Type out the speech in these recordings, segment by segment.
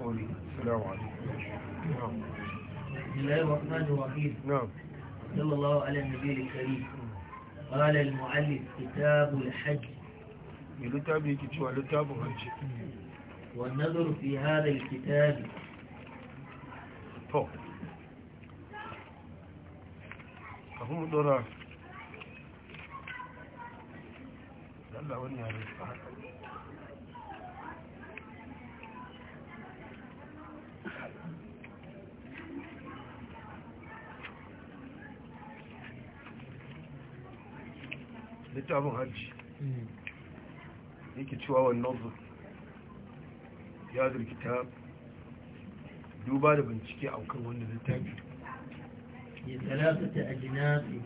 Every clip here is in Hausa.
قولي السلام عليكم نعم. بسم الله الرحمن الرحيم نعم صلى الله على النبي الكريم قال المعلم كتاب الحج لتابي كتاب لتاب الحج والنظر في هذا الكتاب فوق فهم دورا الله وني عليه littafin hajji hmm. yake cewa wannan zuwa ya zirkita duba da bincike a kan wannan littafi ya talata ta ajinafi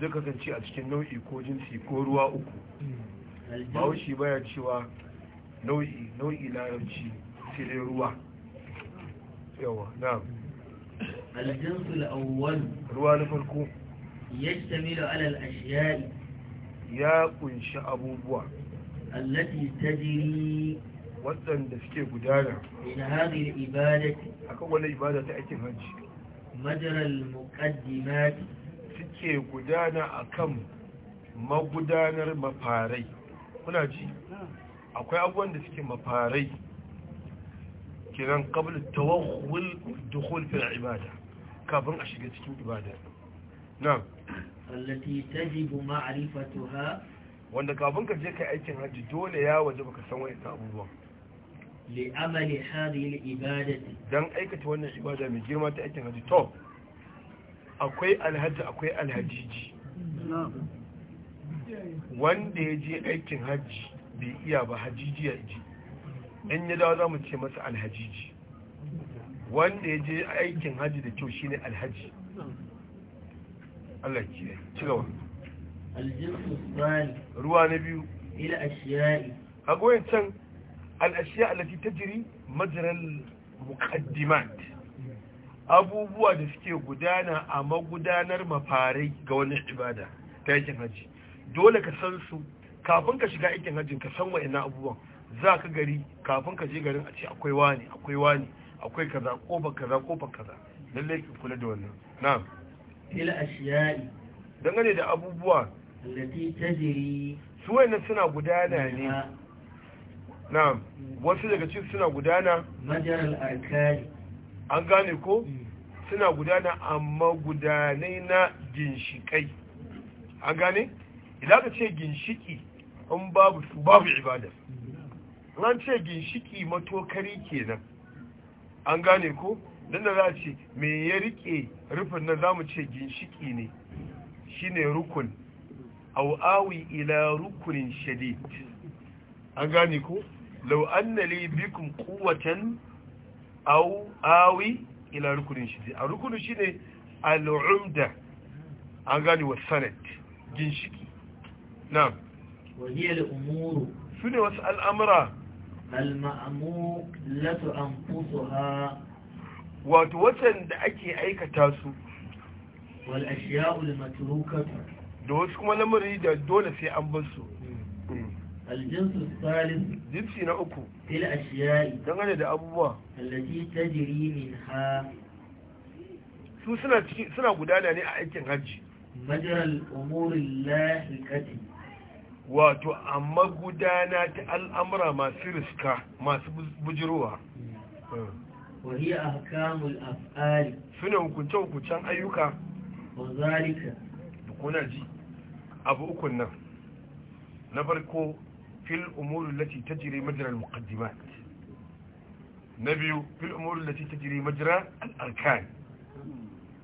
zai kasance a cikin nau'i ko jinsi ko ruwa uku hmm. ba baya cewa nau'i nau'i larabci cikin ruwa yawa na aljinsul awwal ruwa na farko yajtamilu ala al-ashyai ya kunshi abubuwa allati tajri wadanda suke gudana ila hadhihi al-ibadati akwai wani ibada ta ake haji majra al-muqaddimat suke gudana akan magudanar mafarai kuna ji akwai abubuwan da suke mafarai kenan qabl tawakhul dukhul fil ibada kafin a shiga cikin ibada na'am allati tajibu ma'rifatuha wanda kafin ka je kai aikin hajji dole ya waje ka san wani abubuwa li amali hadhihi al ibadati dan aikata wannan ibada mai girma ta aikin hajji to akwai alhaji akwai alhajiji wanda ya je aikin hajji bai iya ba hajiji ya ji in ya dawo za mu ce masa alhajiji wanda ya je aikin haji da kyau shine alhaji Allah ki ci gaba ruwa na biyu ila ashiya'i a goyon can al'ashiya alati jiri majiran mukaddimat abubuwa da suke gudana a magudanar mafarai ga wani ibada ta yakin haji dole ka san su kafin ka shiga aikin hajjin ka san wa'ina abubuwan za ka gari kafin ka je garin a ce akwai wani akwai wani akwai kaza kofar kaza kofar kaza lalle ki kula da wannan na'am ila ashiya'i dangane da abubuwa allati tajri su wayannan suna gudana ne na'am wasu daga cikin suna gudana majaral arkani an gane ko mm. suna gudana amma gudanai na ginshikai an gane idan ka ce ginshiki an babu su babu ibada mm. an ce ginshiki matokari kenan an gane ko don da za a ce me ya rike rufin nan za mu ce ginshiki ne shine rukun au awi ila rukunin shadid an gane ko lau anna li bikum quwwatan aw awi ila rukunin shadid a rukunin shine al-umda an gane wa sanad ginshiki na'am wa hiya al-umuru wasu al'amura al-ma'amulatu anfusuha wato wacan da ake aikata su wal ashiya'u al-matrukatu da wasu kuma lamari da dole sai an bar su الجنس الثالث جنسي نأكو في الأشياء دغني دا أبوه التي تجري منها su suna gudana ne a aikin hajji majalar umurin lahikati wato amma gudana ta al'amura masu riska masu bujirowa wahiyar Kamul afari suna hukunce-hukuncen ayyuka wazalika kuna ji abu ukun nan na farko fil umuru lati ta jire majiran mukaddima na biyu fil umuru lati ta jire al al’arkani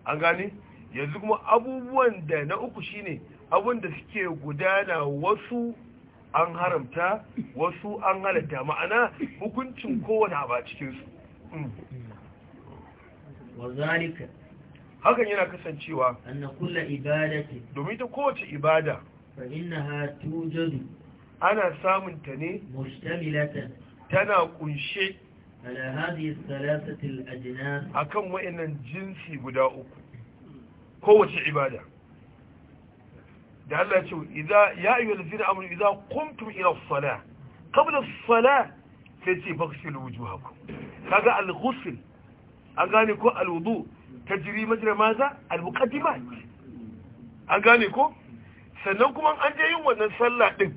an gane yanzu kuma abubuwan da na uku shine abin da suke gudana wasu an haramta wasu an halatta ma'ana hukuncin kowane ba a cikinsu hmm. hakan yana kasancewa domin ta kowace ibada ana samun ta ne tana kunshe akan wa'annan jinsi guda uku kowace ibada da Allah ya ce idza ya ayyuhal zina amru idza qumtum ila as-salah qabla as-salah sai ce baghsilu wujuhakum kaga al-ghusl an gane ko al-wudu tajri majra maza al-muqaddimat an gane ko sannan kuma an je yin wannan sallah din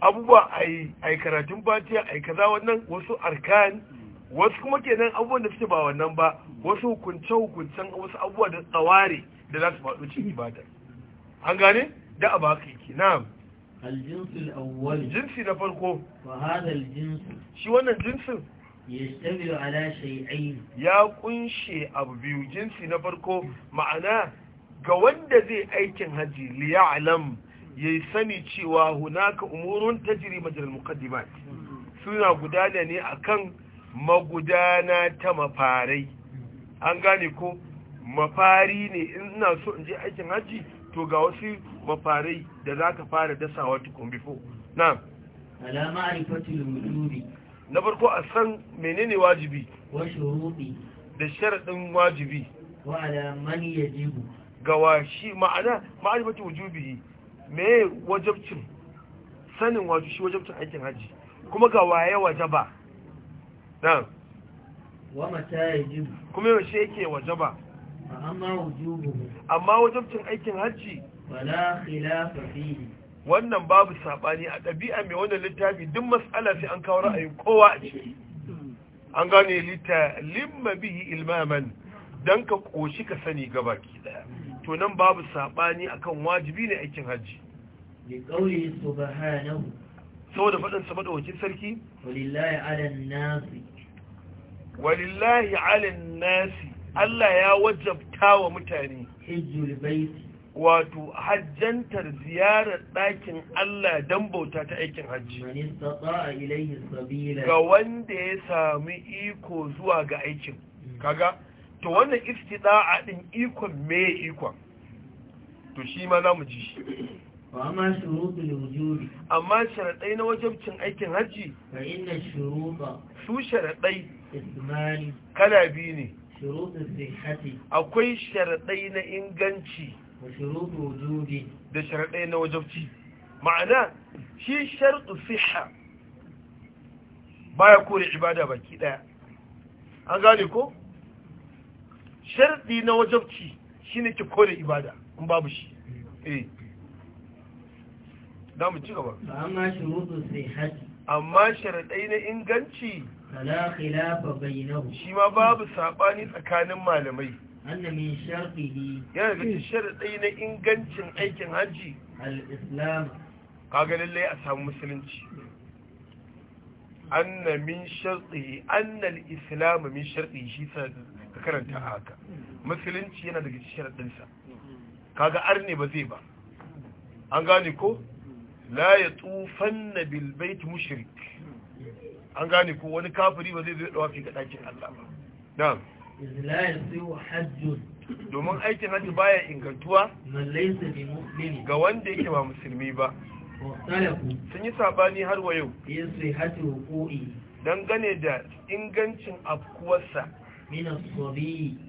abubuwa a yi karatun fatiya a yi kaza wannan wasu arkan wasu kuma kenan abubuwan da suke ba wannan ba wasu hukunce-hukuncen wasu abubuwa da tsaware da za su faɗo cikin ibadar an gane da a haka yake na'am aljinsul awwal jinsi na farko wa hada aljinsu shi wannan jinsin yastamilu ala shay'ain ya kunshe abu biyu jinsi na farko ma'ana ga wanda zai aikin haji li ya'lam yayi sani cewa hunaka umurun tajri majral muqaddimat suna gudana ne akan magudana ta mafarai an gane ko mafari ne ina so in je aikin haji to ga wasu mafarai da za ka fara dasawa tukun bifo na alama arifatul wujudi na farko a san menene wajibi wa shuruɗi da sharaɗin wajibi wa alamani ya jibu ga washi ma'ana ma'arifatul wujubi me wajabcin sanin wajibi shi wajabcin aikin haji kuma ga waye wajaba na wa mata ya jibu kuma yaushe yake wajaba amma wajabcin aikin hajji wannan babu saɓani a ɗabi'a mai wannan littafi duk matsala sai an kawo ra'ayin kowa a ciki an gane lita limma bihi ilmaman don ka ƙoshi ka sani gaba ki ɗaya to nan babu saɓani a kan wajibi ne aikin hajji saboda faɗin sa maɗaukin sarki walillahi ala nasi Allah ya wajabta wa mutane wato hajjantar ziyarar ɗakin Allah don bauta ta aikin hajji ga wanda ya sami iko zuwa ga aikin hmm. kaga to wannan ɗa'a ɗin ikon me ikon to shi ma za mu ji shi amma sharaɗai na wajabcin aikin hajji su sharaɗai kana biyu ne akwai sharaɗai na inganci da sharaɗai na wajabci ma'ana shi sharɗu siha baya kore ibada baki ɗaya an gane ko sharɗi na wajabci shine ki kore ibada in babu shi eh da mu ci gaba amma sharaɗai na inganci fala khilafa bainahu shi ma babu saɓani tsakanin malamai anna min sharfihi ya ga cikin sharadi na ingancin aikin haji al islam kaga lalle a samu musulunci anna min sharfihi anna al islam min sharfihi shi sa karanta haka musulunci yana daga cikin sharadin sa kaga arne ba zai ba an gane ko la yatufanna bil bait mushrik an gane ko wani kafiri ba zai zai dawafi ga ɗakin Allah ba hajjun. domin aikin hajji baya ingantuwa ga wanda yake ba musulmi ba sun yi sabani har wa yau hajji wa dangane da ingancin afkuwarsa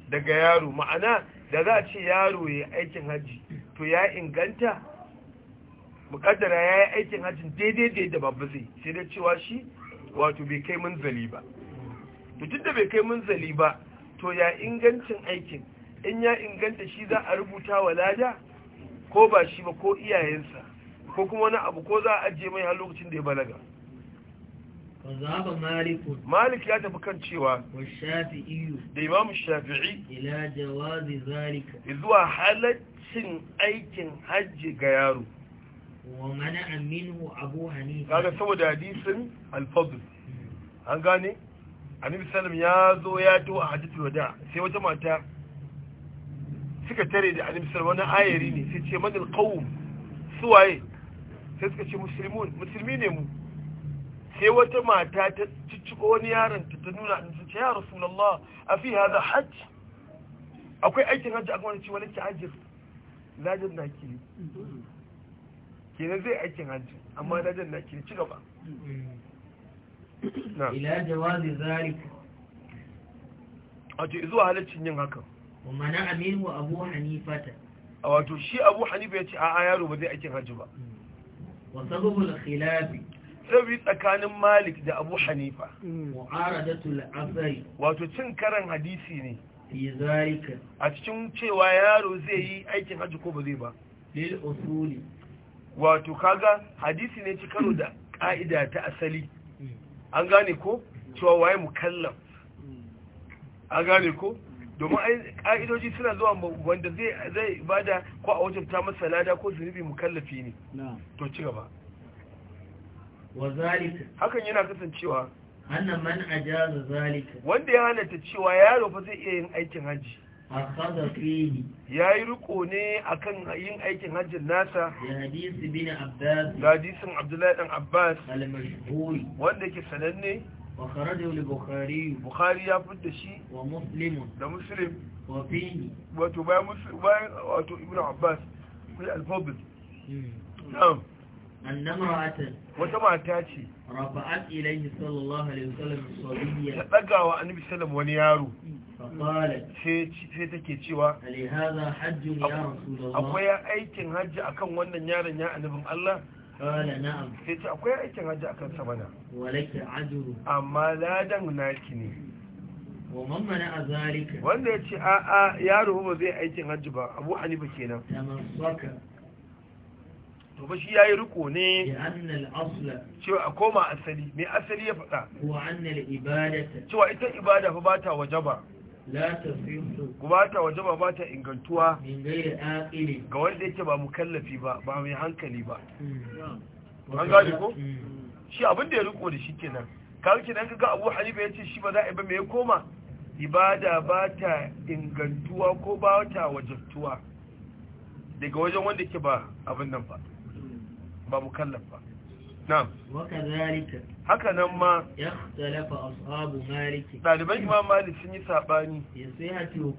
daga yaro ma'ana da za a ce yaro ya aikin hajji to ya inganta mukaddara ya yi aikin hajji daidai da babu zai sai da cewa shi wato bai kai zali ba to duk da bai kai zali ba to ya ingancin aikin in ya inganta shi za a rubuta wa lada ko ba shi ba ko iyayensa ko kuma wani abu ko za a ajiye mai har lokacin da ya balaga malik ya tafi kan cewa da imamu shafi'i zuwa halaccin aikin hajji ga yaro wa mana'a aminu abu hanifa kaga saboda hadisin al-fadl an gane annabi sallam ya zo ya to a hadithul wada sai wata mata suka tare da annabi sallam wani ayari ne sai ce madal qawm suwaye sai suka ce muslimun musulmi ne mu sai wata mata ta cicciko wani yaron ta ta nuna annabi ce ya rasulullah afi hada hajj akwai aikin hajji akwai wani ci wani ci ajir lajin na yi. kenan zai aikin hajji amma dajin na ke ci gaba ila jawazi zalik wato zuwa halaccin yin hakan wa mana aminu abu hanifata a wato shi abu hanifa ya ce a yaro ba zai aikin hajji ba wa sababul khilafi rabi tsakanin malik da abu hanifa hmm. tula asari wato cin karan hadisi ne a cikin cewa yaro zai yi aikin hajji ko ba zai ba lil usuli wato kaga hadisi ne ci karo da ƙa'ida ta asali an gane ko cewa waye mukallaf an gane ko domin ƙa'idoji suna zuwa wanda zai bada ko a wajen ta masa lada ko zunubi mukallafi ne to ci gaba hakan yana kasancewa annan man ajaza zalika wanda ya halatta cewa yaro fa zai iya yin aikin haji ya yi riko ne a kan yin aikin hajjin nasa hadisi bin abdullahi dan abbas wanda ke sananne bukhari ya fi da shi da muslim wato bayan wato ibn abbas fi alfobis hmm. wata mata ce rafa'at ilayhi sallallahu alaihi wasallam sallallahu sabiyya ta daga wa annabi sallallahu alaihi wasallam wani yaro hmm. sai take cewa akwai aikin hajji akan wannan yaron ya annabin Allah sai ce akwai aikin hajji akan samana amma ladan naki ne wanda ya ce a'a yaro ba zai aikin hajji ba abu hanifa kenan to ba shi ya yi riko ne cewa a koma asali mai asali ya faɗa cewa ita ibada fa ba ta waje ba kuma ta waje ba ba ta ingantuwa ga wanda yake ba mu kallafi ba ba mai hankali ba hmm. an gaji ko hmm. shi abin da ya riko da shi kenan kawai kenan ga abu hannu ya ce shi ba za a yi ba mai koma ibada ba ta ingantuwa ko ba ta wajabtuwa daga wajen wanda ke ba abin nan ba ba mu kallafa na haka nan ma ya talafa ashabu maliki daliban imam malik sun yi sabani ya sai hati ko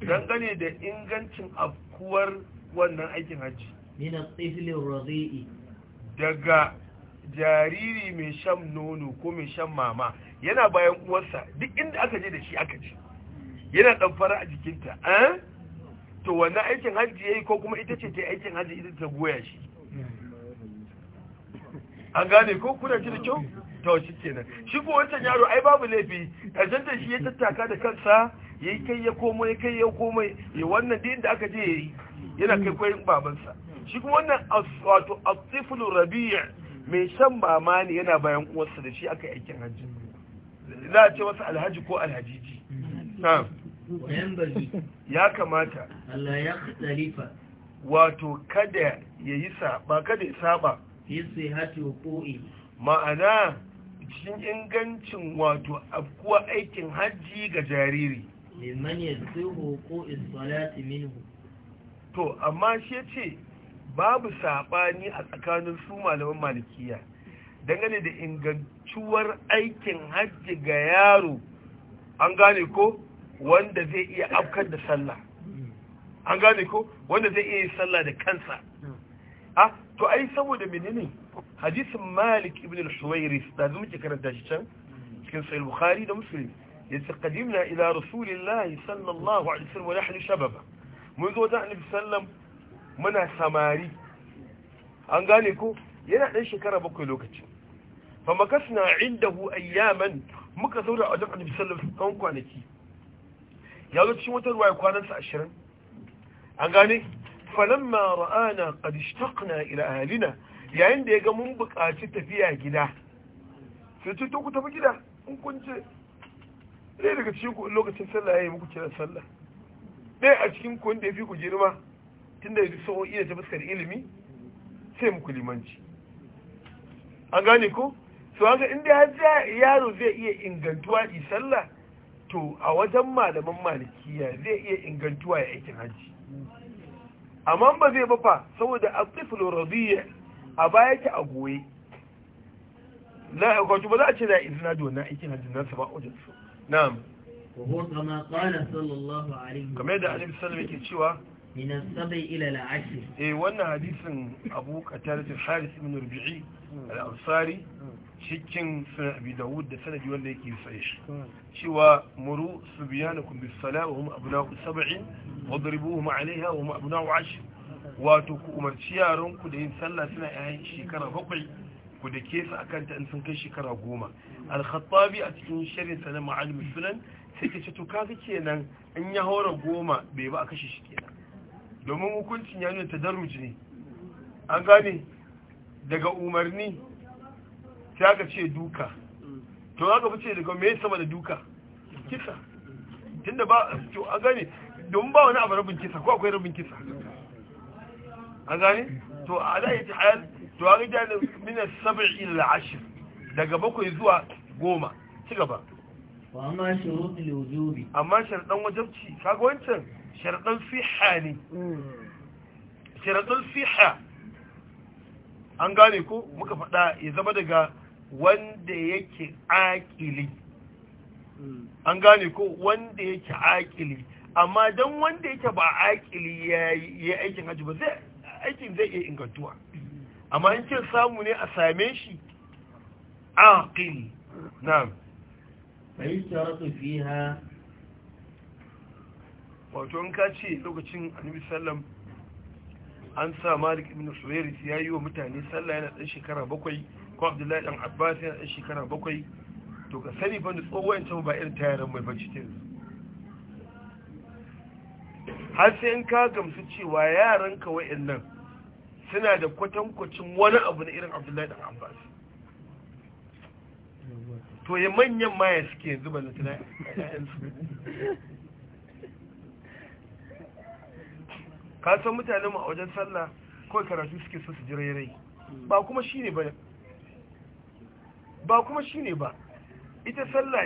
dangane da ingancin afkuwar wannan aikin haji min at-tifl radhi'i daga jariri mai shan nono ko mai shan mama yana bayan uwarsa duk inda aka je da shi aka ji, yana damfara a jikinta eh to wannan aikin haji yayi ko kuma ita ce ta aikin haji ita ta goya shi hmm. an gane ko kuna shi da kyau ta shi kenan shi ko wancan yaro ai babu laifi ƙarshen da shi ya tattaka da kansa ya yi kai ya komai ya kai ya komai ya wannan din da aka je ya yi yana kai kwayin babansa shi kuma wannan wato asifulu rabiya mai shan mama ne yana bayan uwarsa da shi aka aikin hajji za a ce wasu alhaji ko alhajiji ya kamata Allah ya wato kada ya yi saba kada ya saba fi sihati wuqu'i ma'ana cikin ingancin wato afkuwa aikin hajji ga jariri liman yasihu wuqu'i salati minhu to amma shi ce babu sabani a tsakanin su malaman malikiya dangane da ingantuwar aikin hajji ga yaro an gane ko wanda zai iya afkar da sallah mm. an gane ko wanda zai iya sallah da kansa ah to ai saboda menene hadisin malik ibn al-huwairis da zuma ke karanta shi can cikin sahih bukhari da muslim yace qadimna ila rasulillahi sallallahu alaihi wasallam wa nahnu shababa mun zo da annabi sallam muna samari an gane ko yana dan shekara bakwai lokaci fa makasna indahu ayyaman muka zauna a wajen annabi sallam tsawon kwanaki ya zo cikin wata ruwaya kwanansa 20 an gane falamma ra'ana qad ishtaqna ila ahlina yayin da yaga mun buƙaci tafiya gida sai ce to ku tafi gida in kun ce dai daga cikin ku lokacin sallah yayi muku kiran sallah dai a cikin ku wanda yafi ku girma tunda da so iya ta fuskar ilimi sai muku limanci an gane ko to haka inda har yaro zai iya ingantuwa di sallah to a wajen malaman malikiya zai iya ingantuwa ya aikin hajji amma ba zai ba fa saboda atiful radiya a baya ki a goye na kwato ba za a ce da izina da wannan aikin hajji na su ba wajen su na'am wa huwa kama qala sallallahu alaihi kamar da annabi sallallahu alaihi wasallam yake cewa minan sabai ila la'ashi eh wannan hadisin abu qatar da haris ibn rubi'i al-ansari cikin sunan abi dawud da sanadi wanda yake sai shi cewa muru subyanakum bis salat wa hum abna'u sab'in wadribuhum 'alayha wa hum abna'u 'ashr wato ku umarci yaran ku da yin sallah suna yayin shekara bakwai ku da ke su akan ta in sun kai shekara goma al-khattabi a cikin shirin sa na ma'alim sunan sai ka ce to kaga kenan in ya hora goma bai ba a kashe shi kenan domin hukuncin ya nuna ta ne an gane daga umarni sai aka ce duka to aka fice daga me sama da duka kisa tunda ba to an gane domin ba wani abu rabin kisa ko akwai rabin kisa an gane to ala yi hayar to an gida da minar sabar ila ashir daga bakwai zuwa goma ci gaba amma sharuɗin wujubi amma dan wajabci kaga wancan sharaɗin siha ne sharaɗin siha an gane ko muka faɗa ya zama daga wanda yake aƙili an gane ko wanda yake aƙili amma don wanda yake ba aƙili ya yi aikin hajji ba zai aikin zai iya ingantuwa amma in ce samu ne a same shi aƙili na mai sharaɗin fiha wato in ka ce lokacin annabi sallam an sa malik ibn suwairi ya yi wa mutane sallah yana ɗan shekara bakwai ko abdullahi ɗan abbas yana ɗan shekara bakwai to ka sani ban da tsohon can ba irin tayaran mai bacci ta yanzu har sai in ka gamsu cewa yaran ka wa'in nan suna da kwatankwacin wani abu na irin abdullahi ɗan abbas to ya manyan maya suke yanzu ba na tunayen su ka san mutanen mu a wajen sallah kawai karatu suke so su ji rairai ba kuma shine ba ba kuma shine ba ita sallah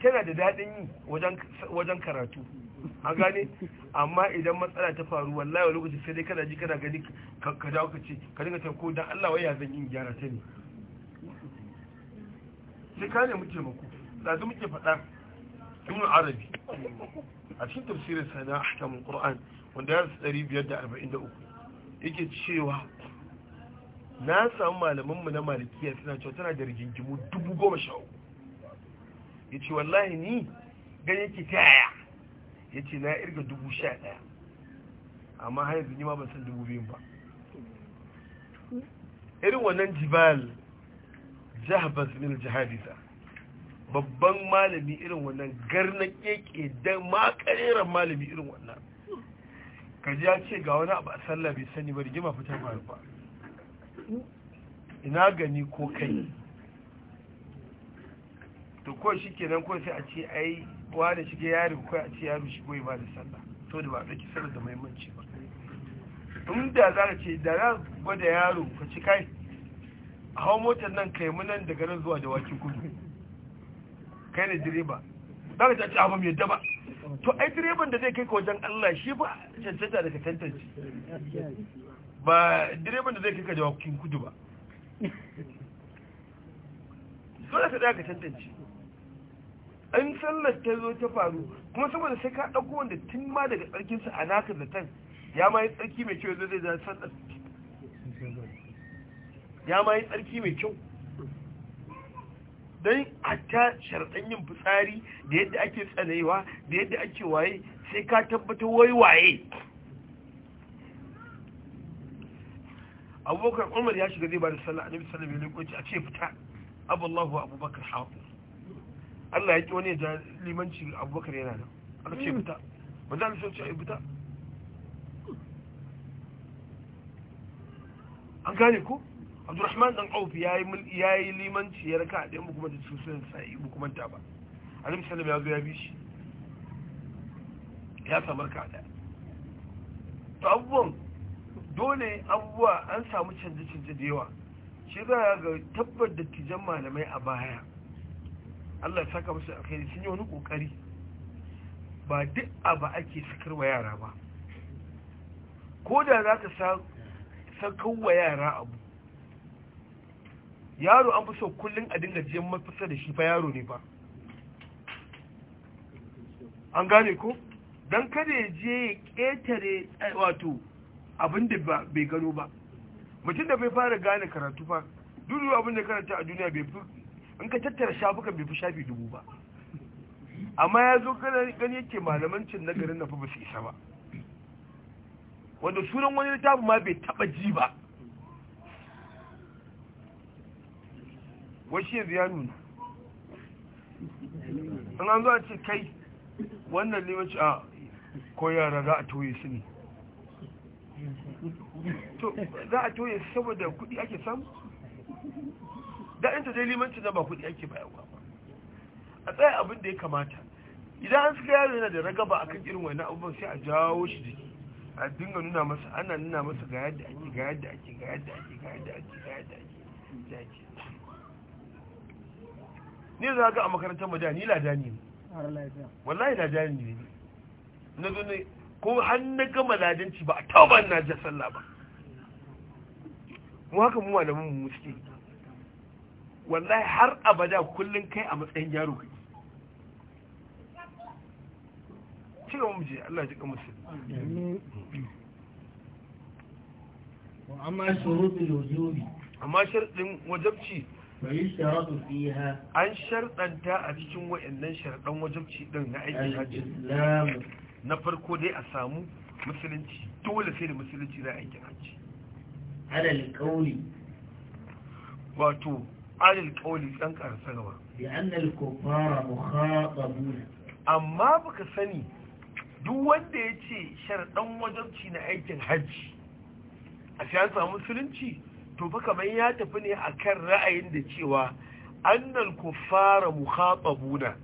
tana da dadin yi wajen wajen karatu a gane amma idan matsala ta faru wallahi wa lokaci sai dai kana ji kana gani ka dawo ka ce ka dinga ta ko dan Allah wai ya zan yi gyara ta ne sai ka muke taimako da muke faɗa ibn arabi a cikin tafsirin sana ahkamul qur'an 543 yake cewa na samu malamanmu na malikiya suna cewa tana da rigingimu 10,000 ya ce wallahi ni gani yake ta yaya ya ce na irga 11,000 amma hanyar zini ma ban san 2,000 ba irin wannan jibal jahabas mil jihadisa babban malami irin wannan garna keke da makarerar malami irin wannan kaji ya ce ga wani abu a sallah bai sani ba rigima fita faru ba ina gani ko kai to ko shi kenan ko sai a ce ai wa da shige yaro ko a ce yaro shi goyi ba da sallah to da ba ɗauki sallah da muhimmanci ba in da za ka ce da za gwada yaro ka ci kai a hau motar nan kai munan daga nan zuwa da wakin kudu kai ne direba za ka ci abu mai daba to ai direban da zai kai ka wajen Allah shi ba cancanta daga tantance ba direban da zai kai ka kin kudu ba dole ka da ka tantance an sallar ta zo ta faru kuma saboda sai ka ɗauko wanda tun ma daga sa a da tan, ya ma yi tsarki mai kyau zai zai sallar ya ma yi tsarki mai kyau don a ta sharɗan yin fitsari da yadda ake tsanaiwa da yadda ake waye sai ka tabbatar wai waye abubakar umar ya shiga zai ba da sallah annabi sallallahu alaihi lokaci a ce fita abullahu abubakar hafu Allah ya ki wani ya limanci abubakar yana nan aka ce fita za Allah sun ce yi fita an gane ko abdurrahman dan auf ya yi limanci ya raka da mu kuma da su sun sa'i mu kuma ta ba annabi sallallahu ya zo ya bi shi ya samu raka ɗaya to abubuwan dole abuwa an samu canje-canje da yawa shi za ga tabbar da tijan malamai a baya Allah ya saka musu alkhairi sun yi wani kokari ba duk abu ake wa yara ba ko da za ka wa yara abu yaro an fi so kullum a dinga jiyan mafisa da shi fa yaro ne fa an gane ko don kada ya je ya ƙetare eh, wato abin da bai gano ba mutum da bai fara gane karatu fa duniya abin da karanta a duniya bai fi in ka tattara shafukan bai fi shafi dubu ba amma ya zo gani yake malamancin na garin na fa ba su isa ba wanda sunan wani littafin ma bai taba ji ba wasu shi ya nuna an an zuwa ce kai wannan limanci a ah, ko yara za a toye su ne to za a toye saboda kudi ake samu da dai limanci na ba kudi ake ba, a tsaye abin da ya kamata idan an suka yaro yana da ragaba a kan irin wani abubuwan sai a jawo shi jiki a dinga nuna masa ana nuna masa ga yadda ake ga yadda ake ga yadda ake ga yadda ake ga yadda ake ni za ga a makarantar mu da ni ladani ne wallahi lajani ne na zo ne ko har na gama ladanci ba a tauban na ja sallah ba mu haka mu malamin mu muske wallahi har abada kullun kai a matsayin yaro kai cika mu je Allah ya ji kamar su amma shuruɗin wajibi amma sharɗin wajabci an shardanta a cikin wa'annan sharɗan wajabci ɗin na aikin hajji na farko dai a samu musulunci dole sai da musulunci na aikin hajji alal kauli wato alal kauli ɗan ƙarsa gaba amma baka sani duk wanda ya ce sharɗan wajabci na aikin hajji a siyasa musulunci to fa kamar ya tafi ne akan ra'ayin da cewa annal kuffara mukhatabuna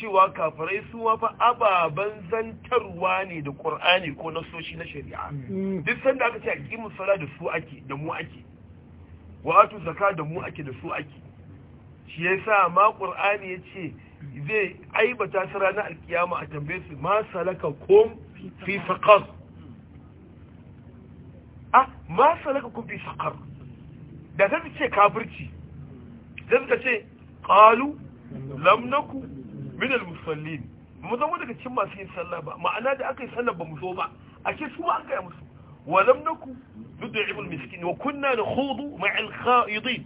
cewa kafirai su wa fa ababan zantarwa ne da qur'ani ko nasoshi na shari'a mm. duk sanda aka ce aqimu sala da su ake da mu ake wa atu zakat da mu ake da su ake shi yasa ma qur'ani yace zai aibata su ranar alkiyama a tambaye su ma salaka kum fi faqar mm. ah ma salaka kum fi faqar da sai ce kafirci sai suka ce qalu lam naku min al musallin mu zama daga cikin masu yin sallah ba ma'ana da aka yi sallah ba mu zo ba ce su ma an gaya musu wa lam naku nud'imu al miskin wa kunna nakhudu ma'a al khaidin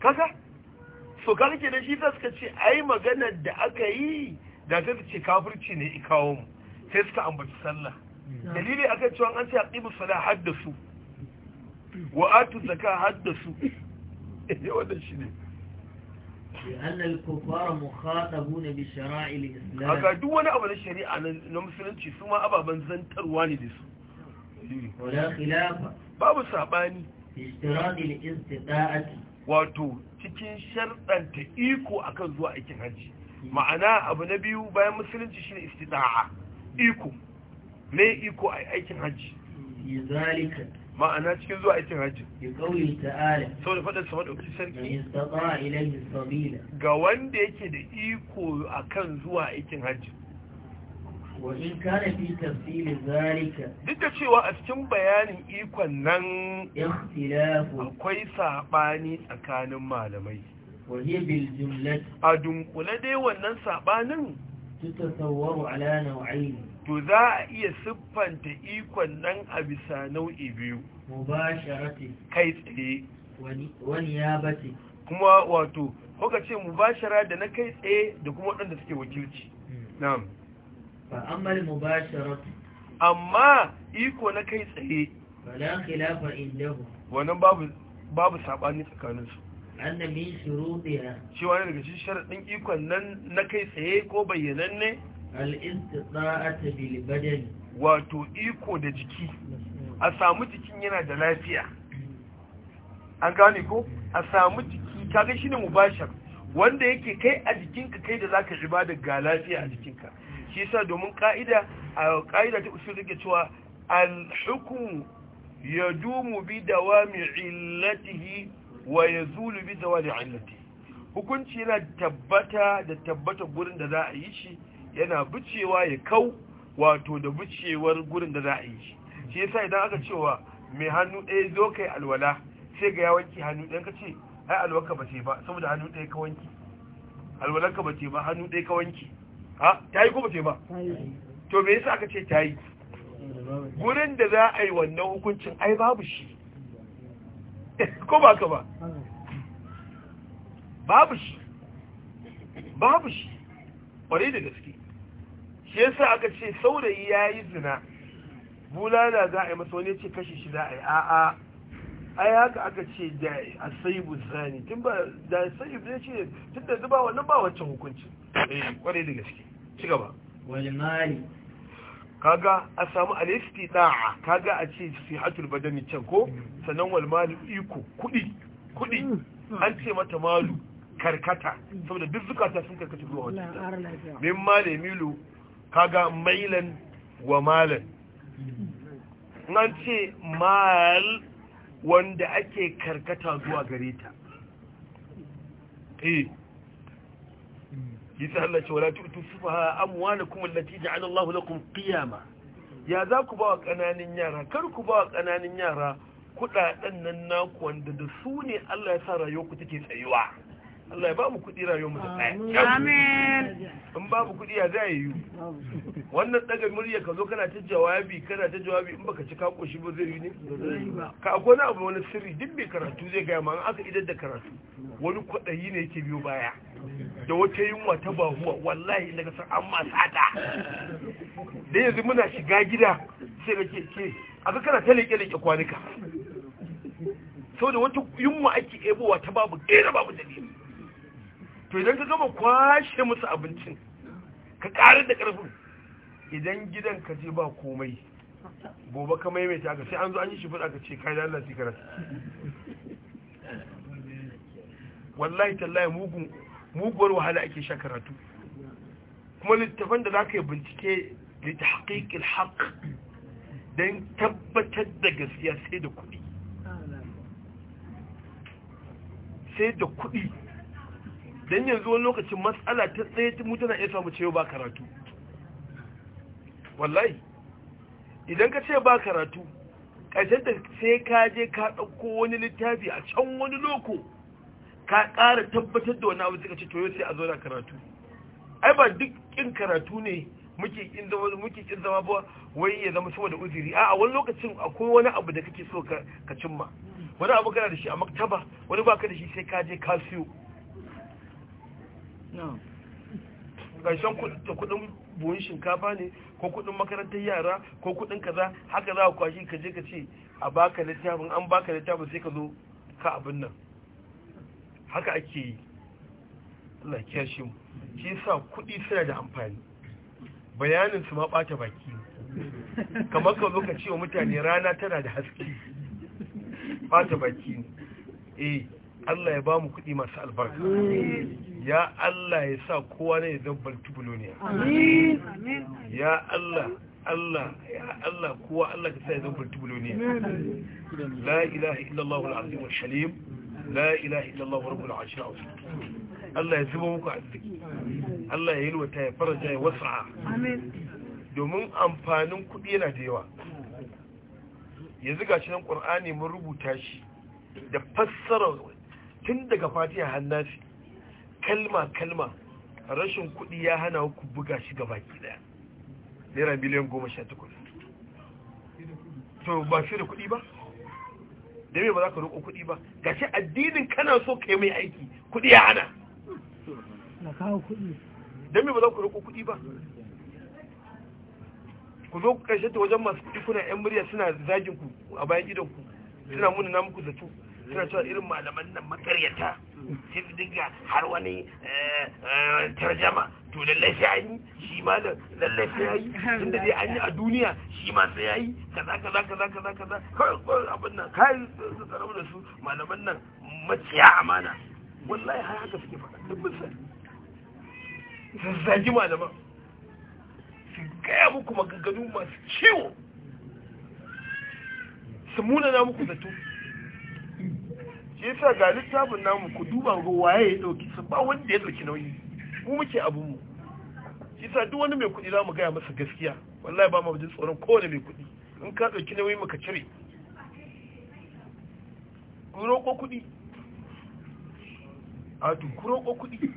kaga so kaga ke da shi ta suka ce ai magana da aka yi da ta ce kafirci ne ikawo mu sai suka ambaci sallah hmm. dalili aka cewa an ce aqimus hadda su. wa atu zaka hadda su ne eh, wannan shi ne haka duk wani abu na shari'a na musulunci su ma ababen zantarwa ne da su babu saɓani wato cikin sharɗanta iko a kan zuwa aikin hajji hmm. ma'ana abu na biyu bayan musulunci shi ne istida'a iko mai iko a aikin hajji ma'ana cikin zuwa aikin hajji saboda faɗin sama da wakil sarki ga wanda yake da iko a kan zuwa aikin hajji duk da cewa a cikin bayanin ikon nan akwai saɓani tsakanin malamai a dunkule dai wannan saɓanin to za a iya siffanta ikon nan a bisa nau'i biyu kai tsaye wani ya bace kuma wato kuka ce mubashara da na kai tsaye da kuma waɗanda suke wakilci hmm. na'am fa amma mubashara amma iko na kai tsaye wala khilafa indahu wannan babu babu sabani tsakanin su annabi min Cewa shi wani daga cikin sharadin ikon nan na kai tsaye ko bayyananne wato iko da jiki a samu jikin yana da lafiya an gane ko a samu jiki kaga ne mubashar wanda yake kai a jikinka kai da zaka riba da ga lafiya a jikinka shi sa domin ka'ida a ka'ida ta usul rike cewa al ya dumu bi dawami illatihi wa ya zulu bi zawali illatihi hukunci yana tabbata da tabbata gurin da za a yi shi yana bucewa ya kau wato da bucewar gurin da za a yi shi yasa idan aka cewa mai hannu ɗaya zo kai alwala sai ga ya wanke hannu ɗaya ka ce ai alwarka ba ce ba saboda hannu ɗaya ka wanke alwalarka ba ce ba hannu ɗaya ka wanke ha ta yi ko ba ce ba to me yasa aka ce ta yi gurin da za a yi wannan hukuncin ai babu shi ko ba ka ba babu shi babu shi ƙwarai da gaske shi yasa aka ce saurayi ya yi zina bulala za a yi masa wani ce kashi shi za a yi a'a ai haka aka ce da bu zani tun ba da sai bu ce tun da zuba wannan ba wancan hukunci eh kwarai da gaske ci gaba wal kaga a samu al-istita'a kaga a ce sihatul badani can ko mm. sanan wal mali iko kudi kudi mm. an ce mata malu karkata saboda duk zukata sun karkata zuwa wannan min mali milo. kaga mailan wa malan nan ce mal wanda ake karkata zuwa gare ta eh yasa Allah ce wala tu'tu sufaha amwalakum allati ja'ala Allah lakum qiyama ya za ku ba wa yara kar ku ba wa yara kudaden nan naku wanda da su ne Allah ya sa ku take tsayuwa Allah ya ba mu kuɗi rayuwar mu ta kaya. amin in babu kuɗi ya za yi wannan daga murya ka zo kana ta jawabi kana ta jawabi in baka ci ka koshi ba zai yi ne ka akwai abu wani sirri duk mai karatu zai gaya ma an aka idar da karatu wani kwaɗayi ne yake biyo baya da wata yunwa ta bahuwa wallahi daga san an sada. da yanzu muna shiga gida sai ga ke ke aka kana ta leƙe-leƙe kwanuka sau da wata yunwa ake ebowa ta babu ɗaya babu dalili to idan ka gama kwashe musu abincin ka ƙarar da ƙarfin idan gidan ka je ba komai gobe ka maimaita ka sai an zo an yi shi fuda ka ce kai da Allah wallahi tallahi muguwar wahala ake sha karatu kuma littafan da zaka yi bincike da tahqiqil haƙ don tabbatar da gaskiya sai da kuɗi sai da kuɗi don yanzu wani lokacin matsala ta tsaye mu tana iya samu cewa ba karatu wallahi idan ka ce ba karatu ƙarshen da sai ka je ka ɗauko wani littafi a can wani loko ka ƙara tabbatar da wani abu suka ce toyo sai a zo na karatu ai ba duk ƙin karatu ne muke ƙin zama muke ƙin zama ba wai ya zama saboda uzuri a'a wani lokacin akwai wani abu da kake so ka cimma wani abu kana da shi a maktaba wani baka da shi sai ka je ka siyo gashen kudin buhun shinkafa ne ko kudin makarantar yara ko kudin kaza haka za a kwashi ka je ka ce a baka littafin an baka littafin sai ka zo ka abin nan haka ake yi Allah ya shi mu shi sa kudi suna da amfani bayanin su ma bata baki kamar ka zo ka ce wa mutane rana tana da haske bata baki ne eh Allah ya ba mu kudi masu albarka ya Allah ya sa kowa ne ya zabbar tubuloniya ya Allah Allah ya Allah kowa Allah ka sa ya zabbar tubuloniya la ilaha illallah wal azim wal shalim la ilaha illallah rabbul arshil azim Allah ya zuba muku arziki Allah ya yalwata ya faraja ya wasa'a domin amfanin kuɗi yana da yawa yanzu ga shi nan qur'ani mun rubuta shi da fassara tun daga fatiha hannasi kalma kalma rashin kuɗi ya hana ku buga shi gaba ki daya naira miliyan goma sha takwas to ba shi da kuɗi ba da me ba za ka roƙo kuɗi ba ga shi addinin kana so ka yi mai aiki kuɗi ya hana da me ba za ku roƙo kuɗi ba ku zo ƙarshe ta wajen masu kuɗi kuna yan murya suna zaginku a bayan gidanku suna muna na muku zato suna cewa irin malaman nan makaryata sifdiga har wani eh, eh, tarjama to lallai sai an yi shi ma da lallai sai tun da dai an yi a duniya shi ma sai yi kaza kaza kaza kaza kaza kawai abin nan kai su tsarau da su malaman nan maciya amana wallahi har haka suke faɗa duk musa zazzaji malaman su gaya muku maganganu masu ciwo su munana muku zato shi yasa ga littafin namu ku duba ga waye ya dauki su ba wanda ya dauki nauyi mu muke abu mu shi yasa duk wani mai kuɗi za mu gaya masa gaskiya wallahi ba mu jin tsoron kowane mai kuɗi in ka dauki nauyi muka cire ku roƙo kuɗi a to ku roƙo kuɗi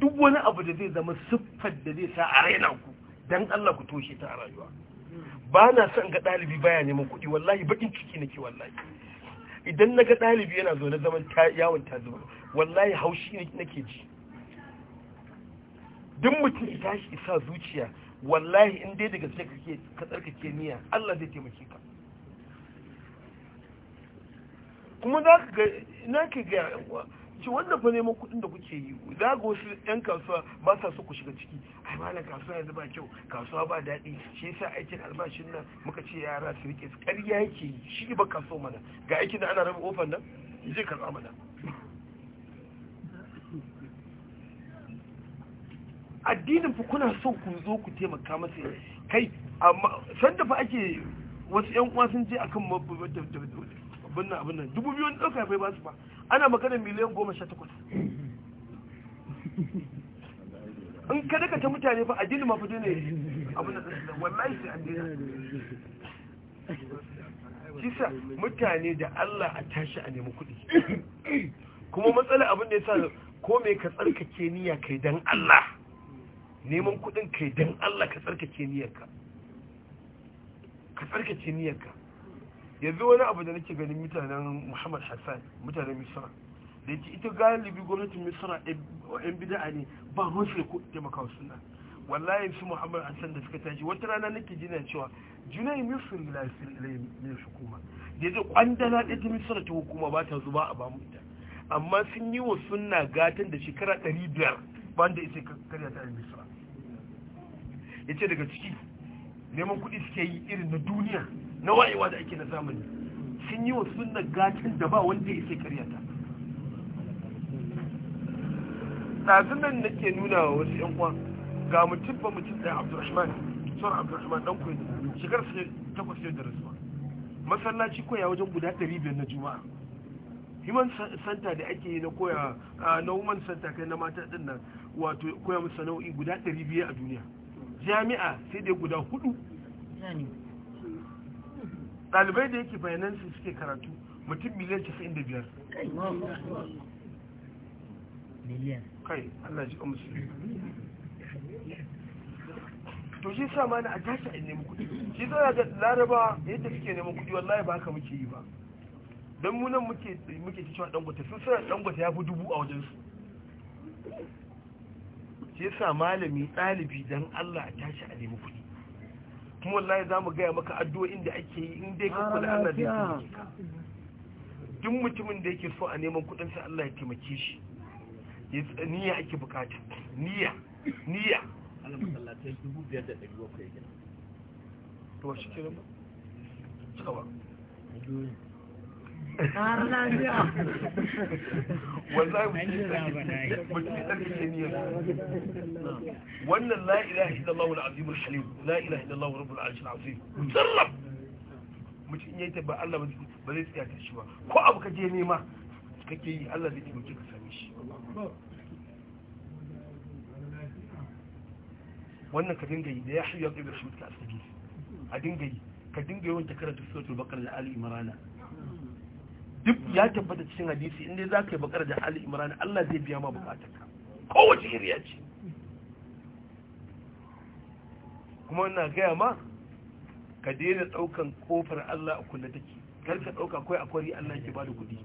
duk wani abu da zai zama siffar da zai sa a raina ku dan Allah ku toshe ta a rayuwa ba na son ga ɗalibi baya neman kuɗi wallahi bakin ciki nake wallahi idan na ga ɗalibi yana zo na zaman yawon ta zuba wallahi haushi nake ji duk mutum ya tashi isa zuciya wallahi in dai daga sai kake ka tsarkake niyya Allah zai taimake ka kuma za ka ga na ka ga ce wannan fa neman kuɗin da kuke yi za ga wasu yan kasuwa ba sa so ku shiga ciki ai ma kasuwa yanzu ba kyau kasuwa ba daɗi shi yasa aikin albashin nan muka ce yara su rike su ƙarya yake yi shi ba kasuwa mana ga aikin da ana raba ofan nan zai karɓa mana addinin fa kuna so ku zo ku taimaka masa kai amma sanda fa ake wasu yan uwa sun je akan da bin na abin nan dubu biyu wani ɗauka bai ba su ba ana maganar miliyan goma sha takwas in ka daga ta mutane fa jini mafi dole abin da wallahi sai addina kisa mutane da Allah a tashi a nemi kuɗi kuma matsala abin da ya sa ko me ka tsarkake niyya kai dan Allah neman kuɗin kai dan Allah ka tsarkake niyyarka ka tsarkake niyyarka yanzu wani abu da nake ganin mutanen muhammad hassan mutanen misra da yake ita galibi gwamnatin misra yan bida'a ne ba ruwan su ko taimaka wasu suna wallahi su muhammad hassan da suka tashi wata rana nake jina cewa junai misir ila mai hukuma da yake kwandala ɗaya ta misra ta hukuma ba ta zuba a bamu ita amma sun yi wa suna gatan da shekara ɗari biyar da isa karya ta misra ya ce daga ciki neman kuɗi suke yi irin na duniya na wa'iwa da ake na zamani sun yi wa suna gatan da ba wanda ya sai karyata ɗazun nan ke nuna wa wasu yan kwan ga mutum ba mutum ɗaya abdurrahman son abdurrahman ɗan kwai shekarar shigar takwas yau da rasuwa masallaci koya wajen guda ɗari biyar na juma'a human santa da ake yi na koya na woman santa kai na mata ɗin nan wato koya musa sana'o'i guda 500 a duniya jami'a sai dai guda hudu dalibai da yake bayanan su suke karatu mutum miliyan 95 kai Allah ji kamsu to shi sa mana a tashi a nemi kudi shi zana ga laraba yadda suke neman kudi wallahi ba haka muke yi ba don munan muke muke cewa dangote sun sanar dangote ya fi dubu a wajen su. shi sa malami dalibi don Allah a tashi a nemi kudi kuma wallahi za mu gaya maka addu'o'in da ake yi in dai ka kula Allah zai taimake ka duk mutumin da yake so a neman kudin sa Allah ya taimake shi niyya ake bukata niyya niyya Allah masallatai gina. to shi kenan ba wannan la ilaha illallah wal azim al halim la ilaha illallah rabbul arsh al azim sallam mutum yayi ta ba Allah ba zai tsaya ta shi ba ko abu ka je nema kake yi Allah zai taimake ka same shi wannan ka dinga yi da ya hayya ibn hamid ka asiri a dinga yi ka dinga yawan ta karanta suratul baqara al imrana duk ya tabbata cikin hadisi inda za ka yi bakar da hali imrani Allah zai biya ma ka kowace iriya ce kuma na gaya ma ka daina daukan kofar Allah a kulle take kar ka dauka akwai akwari Allah ke bada kudi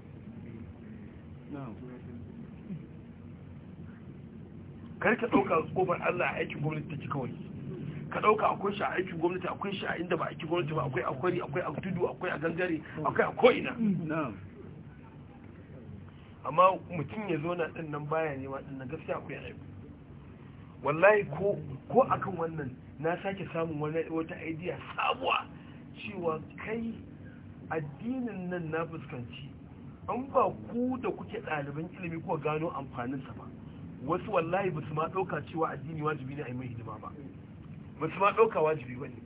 kar ka dauka kofar Allah a aikin gwamnati take kawai ka dauka akwai shi a aikin gwamnati akwai shi a inda ba aikin gwamnati ba akwai akwari akwai a tudu akwai a gangare akwai a ko'ina amma mutum ya zo na ɗin nan baya ne waɗannan gaskiya akwai aiki. wallahi ko akan wannan na sake samun wata idea sabuwa cewa kai addinin nan na fuskanci an ba ku da kuke ɗaliban ilimi ko gano amfaninsa ba wasu wallahi ba su ma ɗauka cewa addini wajibi ne a yi mai hidima ba ba su ma ɗauka wajibi ba ne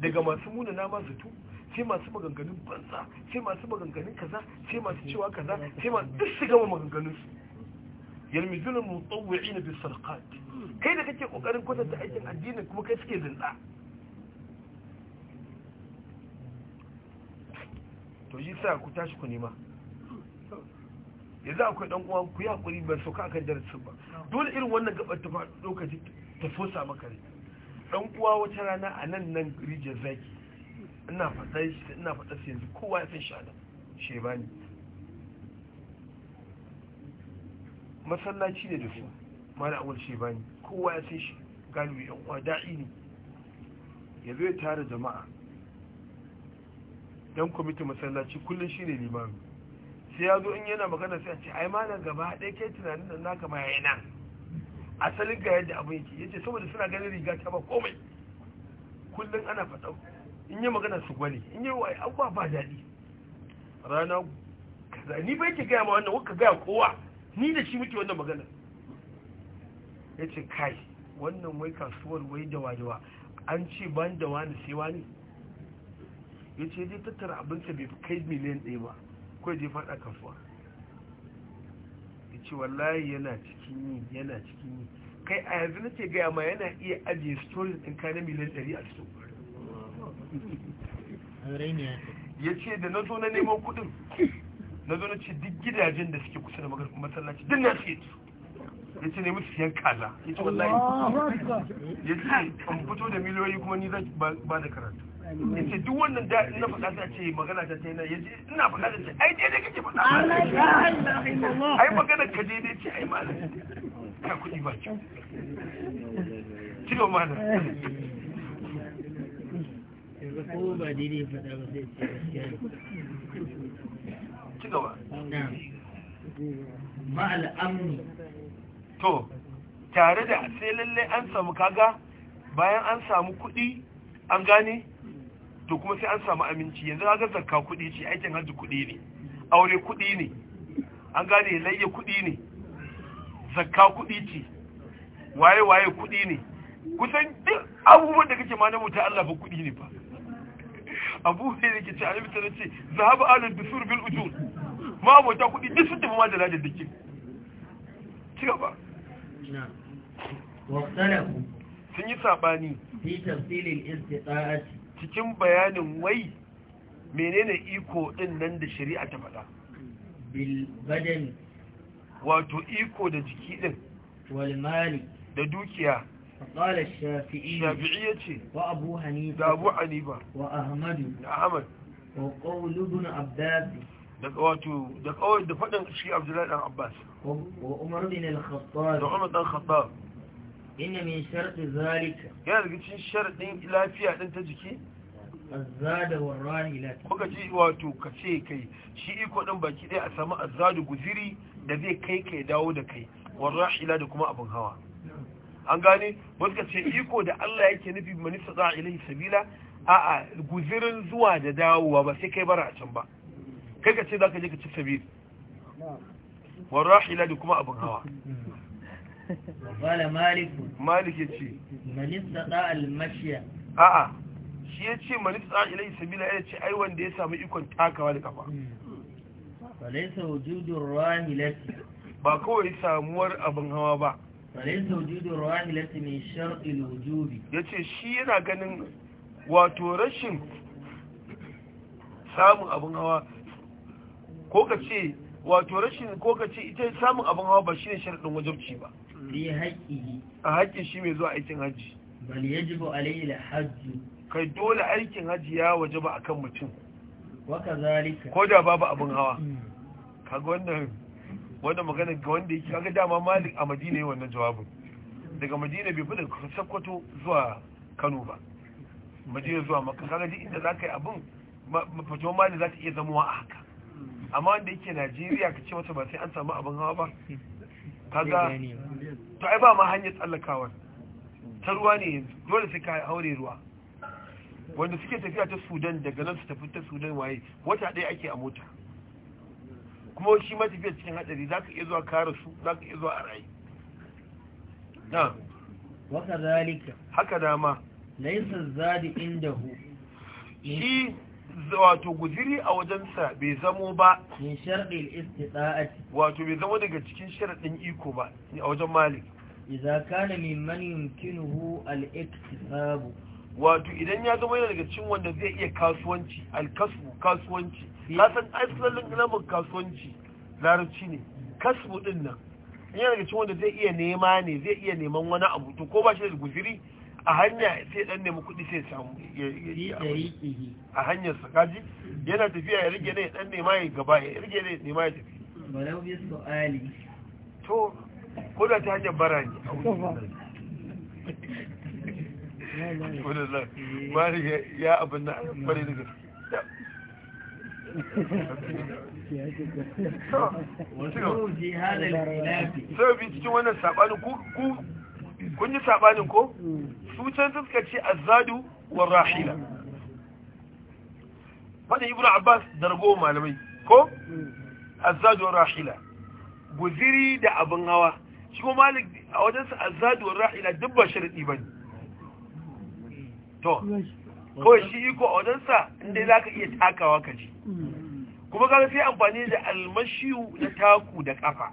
daga masu muna na masu tu ce masu maganganun banza ce masu maganganun kaza ce masu cewa kaza ce masu duk su gama maganganun su yalmizuna mutawwi'ina bis sadaqat kai da kake kokarin kwatanta aikin addini kuma kai suke zinda to yi sa ku tashi ku nema yanzu akwai dan uwa ku yi hakuri ban sauka akan darasin ba dole irin wannan gabar ta lokaci ta fosa maka ne dan uwa wata rana a nan nan rijiyar zaki ina faɗa shi ina faɗa shi yanzu kowa ya san shi ba shebani masallaci ne da su mala awal ne. kowa ya san shi galibi yan uwa da'i ne ya zo tare tara jama'a dan kwamitin masallaci kullum shi ne limami sai ya zo in yana magana sai a ce ai malam gaba ɗaya ke tunanin nan naka ma yayi nan asalin ga yadda abin yake yace saboda suna ganin riga ta ba komai kullum ana faɗa in yi magana su gwani in yi wa abuwa ba daɗi rana kaza ni bai ke gaya ma wannan wanka gaya kowa ni da shi muke wannan magana ya ce kai wannan wai kasuwar wai da wajewa an ce ban da wani sai wani ya ce dai tattara abinsa bai kai miliyan ɗaya ba kawai je faɗa kasuwa ya ce wallahi yana cikin yi yana cikin yi kai a yanzu na ce gaya ma yana iya ajiye stories ɗin kayan miliyan ɗari a cikin ya ce da na zo na neman kudin na zo na ce duk gidajen da suke kusa da magarfin masallaci duk na siye su ya ce nemi siyan kaza ya ce wallahi ya ce an fito da miliyoyi kuma ni zan ba da karatu ya ce duk wannan da ina faɗa ta ce magana ta taina ya ce ina faɗa ta ce ai daidai kake faɗa ai magana ka dai ce ai malam ka kuɗi ba kyau ci gaba ko ba daidai faɗa ba sai ce gaskiya ne. Ci gaba. Ma'al To, tare da sai lallai an samu kaga bayan an samu kuɗi an gane to kuma sai an samu aminci yanzu ga zakka kuɗi ce aikin hajji kuɗi ne aure kuɗi ne an gane layya kuɗi ne zakka kuɗi ce waye waye kuɗi ne kusan duk abubuwan da kake ma na mutu Allah ba kuɗi ne ba abu ne yake ce annabi sallallahu alaihi wasallam zahaba alul bisur bil ujur ma mota kudi duk sun tafi ma da ladin dukkin ci gaba sun yi sabani cikin bayanin wai menene iko din nan da shari'a ta faɗa bil badani wato iko da jiki din wal mali da dukiya قال الشافعي شافعية وأبو حنيفة أبو حنيفة وأحمد أحمد وقول ابن عباس da kawai da faɗin shi abdullahi dan abbas wa umar bin al-khattab da umar dan khattab inna min sharti zalika yana daga cikin sharadin lafiya din ta jiki azzada wa rahilat kuka ji wato kace kai shi iko din baki ɗaya a samu da zai kai kai dawo da da kuma abin hawa an gane wanda ce iko da Allah yake nufi manisa za a ilahi sabila a a guzirin zuwa da dawowa ba sai kai bara a can ba kai ka ce za ka je ka ci sabil wa rahila da kuma abin hawa wala maliku malik ya ce manisa za a mashiya a a shi ya ce manisa za a ilahi sabila ya ce ai wanda ya samu ikon takawa da kafa falaisa wujudun rahilati ba kawai samuwar abin hawa ba ya ce shi yana ganin wato rashin samun abin hawa ko ka ce wato rashin ko ka ce ita samun abin hawa ba shi ne wajen wajabci ba a haƙƙi shi mai zuwa aikin hajji bal yajibu alayhi Hajji. kai dole aikin hajji ya wajaba akan mutum wa kadhalika ko da babu abin hawa kaga wannan wannan magana ga wanda yake kaga dama malik a madina yi wannan jawabin daga madina bai fita sakkwato zuwa kano ba madina zuwa maka kaga duk inda zakai abun yi malik zaka iya zama a haka amma wanda yake najeriya ka ce mata ba sai an samu abun hawa ba kaga to ai ba ma hanyar tsallakawa ta ruwa ne dole sai ka haure ruwa wanda suke tafiya ta sudan daga nan su tafi ta sudan waye wata ɗaya ake a mota kuma shi ma tafiya cikin hadari za ka iya zuwa kare su za ka iya zuwa a rayu na waka zalika haka dama laisa zadi inda hu shi wato guziri a wajensa bai zamo ba min sharɗin istita'ati wato bai zamo daga cikin sharaɗin iko ba a wajen malik idza kana mimman yumkinuhu al-iktisab wato idan ya zama yana daga cikin wanda zai iya kasuwanci al-kasbu kasuwanci ka san asalin lamun kasuwanci larabci ne kasu din nan yana daga cikin wanda zai iya nema ne zai iya neman wani abu to ko ba shi da guziri a hanya sai dan nemi kuɗi sai samu a hanyar sa kaji yana tafiya ya rige ne dan nema ya gaba ya rige ne nema ya tafi walau bi su'ali to ko da ta hanyar bara ne ko da ya abin na fari ne sai cikin wannan sabanin ku kun yi ko su can suka ce azadu wa rahila fadin ibn abbas da malamai ko azadu wa rahila guziri da abin hawa shi kuma malik a wajensa azadu wa rahila duk ba ne. bane to kawai shi iko a wajensa inda za ka iya takawa ka ji kuma ka sai amfani da almashiyu na taku da kafa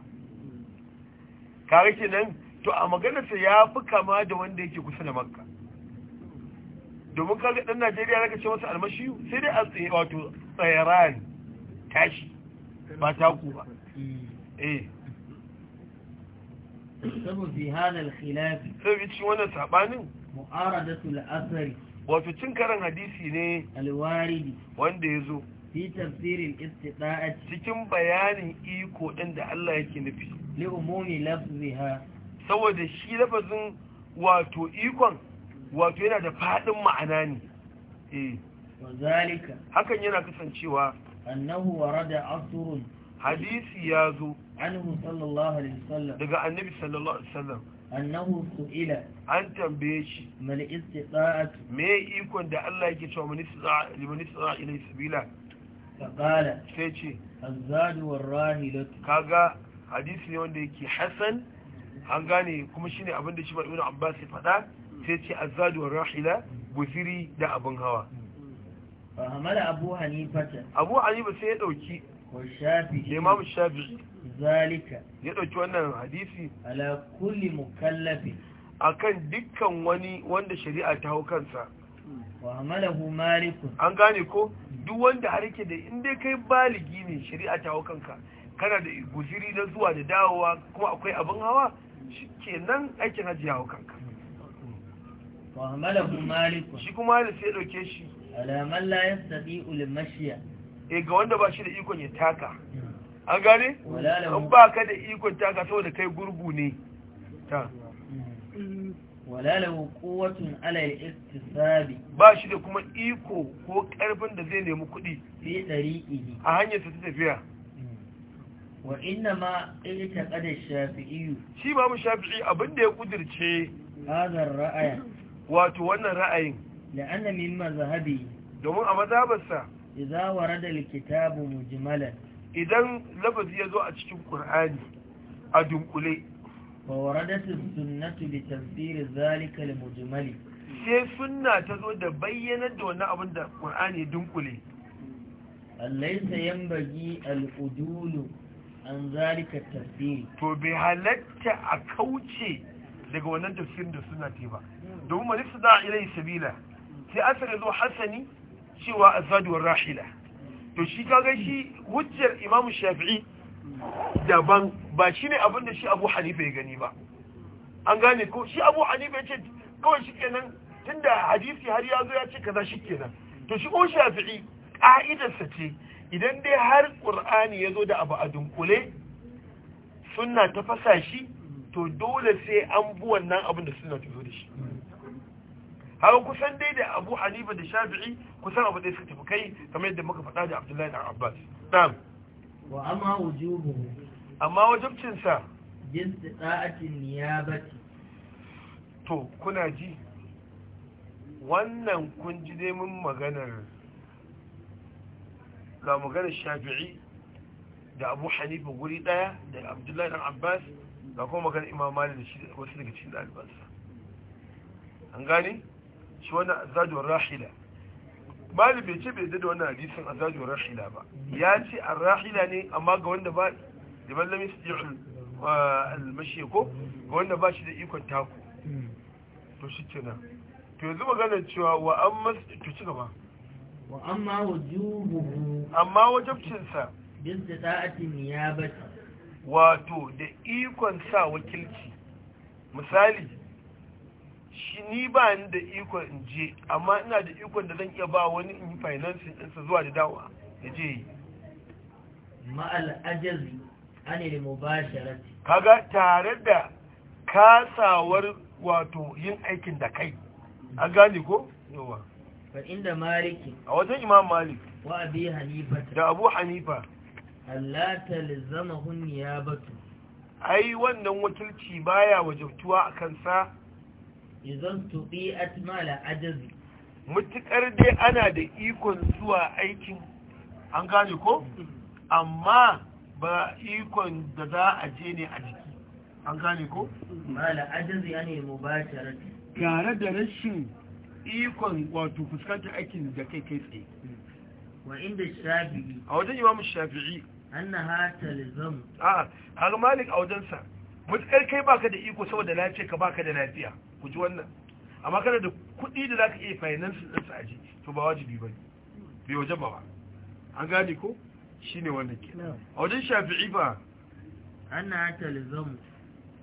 kawai ke nan to a maganarsa ya fi kama da wanda yake kusa da makka domin kawai ɗan najeriya raka ce masa almashiyu sai dai a tsaye wato tsayaran tashi ba taku ba eh. saboda zihanar Khilafi. hada cikin wannan saɓanin mu'ara da tula asari wato cin karan hadisi ne alwaridi wanda ya zo fi tafsirin istida'at cikin bayanin iko din da Allah yake nufi li umumi lafziha saboda shi lafazin wato ikon wato yana da fadin ma'ana ne eh wazalika hakan yana kasancewa annahu warada asrun hadisi ya zo anhu sallallahu alaihi wasallam daga annabi sallallahu alaihi wasallam annahu su'ila an tambaye shi mal istita'atu me ikon da Allah yake cewa mun istita'a liman istita'a ila sabila faqala sai ce azadu warahilatu kaga hadisi ne wanda yake hasan an gane kuma shine abin da shi ba ibnu abbas ya faɗa sai ce azadu warahila guziri da abin hawa fa hamala abu hanifa abu hanifa sai ya dauki imam shafi zalika ya ɗauki wannan hadisi ala kulli mukallafi akan dukkan wani wanda shari'a ta hau kansa wa amalahu malikun an gane ko duk wanda har yake da inda kai baligi ne shari'a ta hau kanka kana da guziri na zuwa da dawowa kuma akwai abin hawa kenan aikin hajji ya hau kanka wa amalahu malikun shi kuma da sai ɗauke shi alaman la yastati ul mashiya Eh, ga wanda ba shi da ikon ya taka an gane an ba ka da ikon taka saboda kai gurgu ne ta walalahu quwwatun ala al-iktisabi ba shi da kuma iko ko karfin da zai nemi kuɗi fi dariqihi a hanyar ta tafiya wa inna ma ilta qada shafi'i shi ba mu shafi'i abinda ya kudirce Hazar ra'aya wato wannan ra'ayin la'anna mimma zahabi domin a mazhabarsa idza da likitabu mujmalan idan lafazi ya zo a cikin Kur'ani a dunkule wa waradat sunnatu bi tafsir zalika mujimali. sai sunna ta zo da bayyana da wannan abin da qur'ani dunkule alaysa yanbaghi aludulu an zalika tafsir to bai halatta a kauce daga wannan tafsirin da sunna ta ba domin malisa da ilai sabila sai asali zo hasani cewa azadu rahila to shi kaga shi hujjar imam shafi'i daban ba shine abin da shi abu hanifa ya gani ba an gane ko shi abu hanifa ya ce kawai shi kenan tunda hadisi har ya zo ya ce kaza shi kenan to shi ko shafi'i ƙa'idarsa ce idan dai har qur'ani ya zo da abu a dunkule sunna ta fasa shi to dole sai an bi wannan abin da sunna ta zo da shi hawa kusan dai da abu hanifa da shafi'i kusan abu da suka tafi kai kamar yadda muka faɗa da abdullahi da abbas na'am wa amma wujubu amma wajibcin sa jinsi da'atin niyabati to kuna ji wannan kun ji dai mun maganar ga maganar shafi'i da abu hanifa guri daya da abdullahi dan abbas ga kuma maganar imam malik da wasu daga cikin ɗalibansa an gani? shi wani azajin rahila mali bai ce bai da wani hadisun azajin rahila ba ya ce a rahila ne amma ga wanda ba da ballami su ji uh, almashi ko ga wanda ba shi da ikon taku to shi na. to yanzu magana cewa wa an masu to ci gaba wa amma wajubuhu amma wajabcinsa bin ba ta. wato da ikon sa wakilci misali shi ni ba ni da ikon in je amma ina da ikon da zan iya ba wani in yi financing ɗinsa zuwa da dawa ya je yi ma'al ajazi anil mubasharati kaga tare da kasawar wato yin aikin da kai a gane ko yawa fa inda maliki a wajen imam malik wa abi hanifa da abu hanifa Allah ta lizama hun niyabatu ai wannan wakilci baya wajabtuwa a kansa idan tuɓi atmala ajazi mutukar dai ana da ikon zuwa aikin an gane ko amma ba ikon da za a je ne a jiki an gane ko mala ajazi ne mu ba tare da rashin ikon wato fuskantar aikin da kai kai tsaye wa inda shafi'i a wajen imamu shafi'i hata lizam a har malik a wajensa mutukar kai baka da iko saboda lafiya ka baka da lafiya ku ji wannan amma kada da kuɗi da za ka iya finance din su aji to ba wajibi ba ne. bai waje ba an gane ko shine wannan ke a wajen shafi'i ba ana talzamu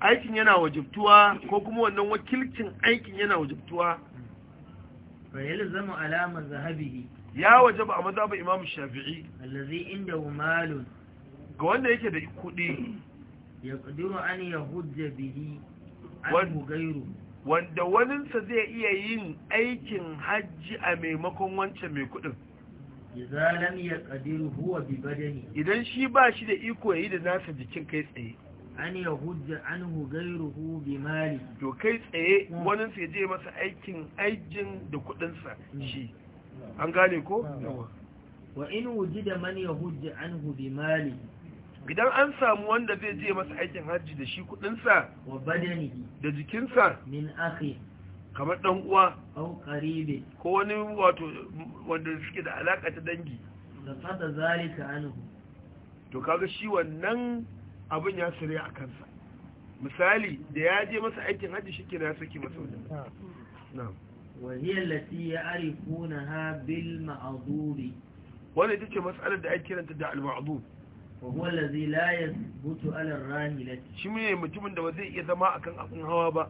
aikin yana wajibtuwa ko kuma wannan wakilcin aikin yana wajibtuwa fa yalzamu alama mazhabihi ya wajaba a mazhabin imamu shafi'i allazi indahu malun ga wanda yake da kuɗi Ya yaqdiru an yahujja bihi an gairu wanda waninsa zai iya yin aikin hajji a maimakon wancan mai kudin idan shi ba shi da iko yayi da nasa jikin kai tsaye an yi hujja an ruhu bi mali to kai tsaye hmm. waninsa ya je masa aikin aijin da kudinsa hmm. shi an gane ko hmm. wa in da man ya hujja an bi mali idan an samu wanda zai je masa aikin hajji da shi kudinsa da jikinsa min akhi kamar dan uwa au qaribi ko wani wato wanda suke da alaka ta dangi da fada zalika anhu to kaga shi wannan abin ya sire a kansa misali da ya je masa aikin hajji shi shike ya saki masa wannan na'am wa hiya allati ya'rifunaha bil ma'dhubi wannan ita ce mas'alar da ake kiranta da al-ma'dhub وهو الذي لا يثبت على الراهلة شمي متمن ده زي iya zama akan abin hawa ba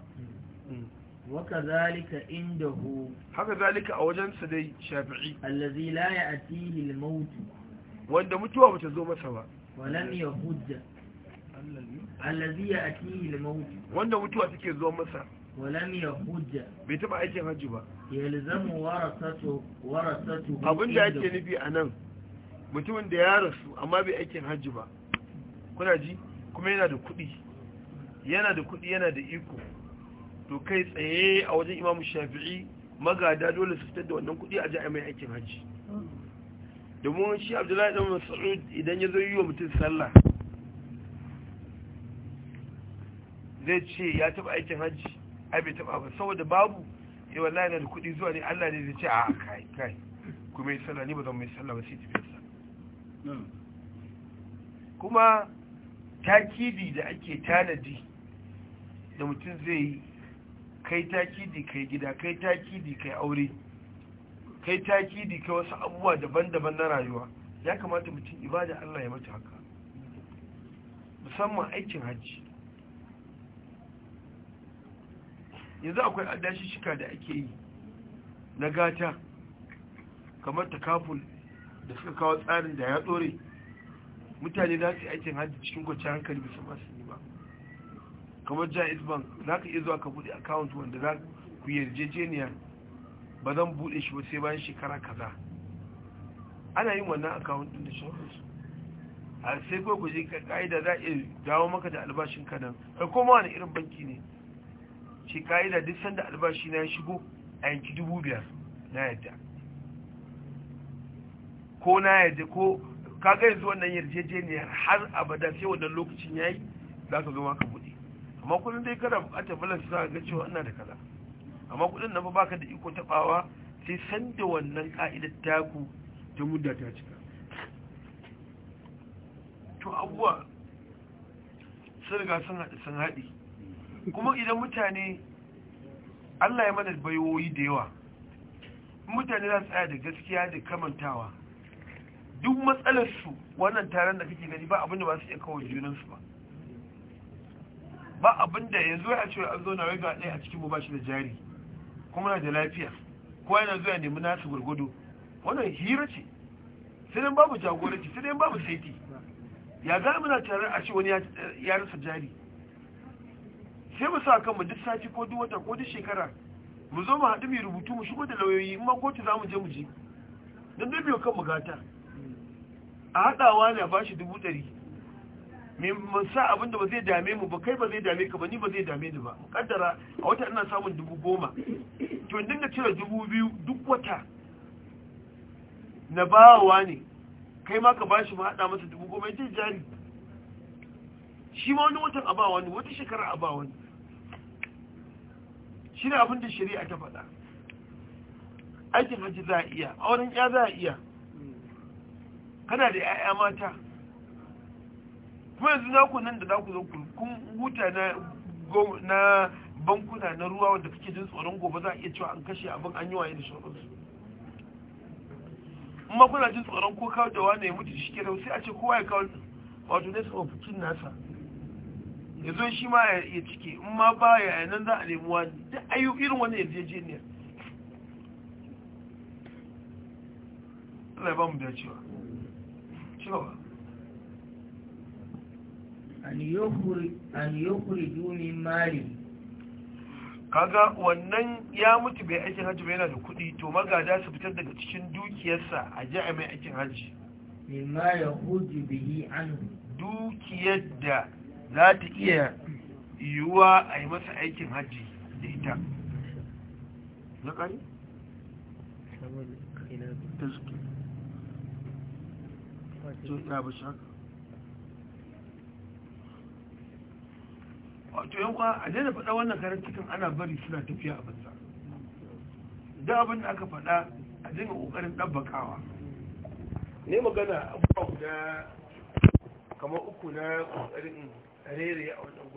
وكذلك hmm. عنده haka zalika a wajen sa dai shafi'i allazi la ya'tihi al-maut wanda mutuwa bata zo masa ba walam yahujja allazi ya'tihi al-maut wanda mutuwa take zo masa walam hujja. bai taba aikin hajji ba yalzamu warasatu warasatu abinda yake nufi anan mutumin da ya rasu amma bai aikin hajji ba kuna ji kuma yana da kuɗi yana da kudi yana da iko to kai tsaye a wajen imamu shafi'i magada dole su fitar da wannan kuɗi a ji mai aikin hajji domin shi abdullahi ɗan mas'ud idan ya zo yi wa mutum sallah zai ce ya taɓa aikin hajji ai bai taɓa ba saboda babu eh wallahi da kuɗi zuwa ne Allah ne zai ce a kai kai kuma yi sallah ni ba zan mai sallah ba sai tafiya kuma takidi da ake tanadi da mutum zai yi kai takidi kai gida kai takidi kai aure kai takidi kai wasu abubuwa daban-daban na rayuwa ya kamata mutum ibada Allah ya mata haka musamman aikin hajji yanzu akwai adashi shika da ake yi na gata kamar ta takaful da suka kawo tsarin da ya tsore mutane za su yi aikin hajji cikin kwanciyar hankali bisa masu yi ba kamar jais bank za ka iya zuwa ka buɗe akawunt wanda za ku yarjejeniya ba zan buɗe shi ba sai bayan shekara kaza ana yin wannan akawunt ɗin da shawararsu a sai kawai ku je ka'ida za a iya dawo maka da albashin ka nan kai koma wani irin banki ne ce ka'ida duk sanda albashi na ya shigo a yanki dubu biyar na yadda ko na je ko kaga yanzu wannan yarjejeniyar har abada sai wannan lokacin ya yi za ka zo ma ka buɗe amma kudin dai kada buƙatar balance za ka ga cewa ina da kaza amma kudin na fa baka da iko taɓawa sai san da wannan ka'idar taku ta mudda ta cika to abuwa sun riga sun haɗi sun haɗi kuma idan mutane Allah ya mana bayoyi da yawa mutane za su tsaya da gaskiya da kamantawa duk matsalarsu wannan taron da kake gani ba abinda ba su iya kawo junansu ba ba abinda ya zo ya ce an zo na ga ɗaya a cikin ba shi da jari kuma na da lafiya ko yana zuwa nemi nasu gwargwado wannan hira ce sai dai babu jagoranci sai dai babu saiti ya za muna taron a ce wani ya rasa jari sai mu sa kan mu duk sati ko duk wata ko duk shekara mu zo mu haɗu mu rubutu mu shigo da lauyoyi in ma kotu za mu je mu je don dai biyo kanmu gata a haɗawa ne a bashi dubu ɗari mai sa abin da ba zai dame mu ba kai ba zai dame ka ba ni ba zai dame ni ba kaddara a wata ina samun dubu goma to dinga cire dubu biyu duk wata na bawa ne kai ma ka bashi ma haɗa masa dubu goma ya jari shi ma wani watan a ba wani wata shekara a ba wani shi ne abin da shari'a ta faɗa aikin hajji za a iya auren ya za a iya kana da 'ya'ya mata kuma yanzu za ku nan da za ku zo kun huta na bankuna na ruwa wanda kake jin tsoron gobe za a iya cewa an kashe abin an yi waye da sauransu amma kuna jin tsoron ko kawo da wani ya mutu shi ke sai a ce kowa ya kawo wato ne tsofaffin nasa ya zo shi ma ya cike in ma ba ya nan za a nemi wani da ayu irin wani yarjejeniyar Allah ya ba mu da cewa an yukhriju min mali kaga wannan ya mutu bai aikin hajji ba yana da kuɗi to magada su fitar daga cikin dukiyarsa a ji a mai aikin hajji mimma ya huji an dukiyar da za ta iya yiwuwa a yi masa aikin hajji da ita na ƙari? wato yankwa a daina faɗa wannan karantikan ana bari suna tafiya a banza da abin da aka faɗa a dinga ƙoƙarin ɗabbakawa ne magana abubuwa guda kamar uku na ƙoƙarin rere a wannan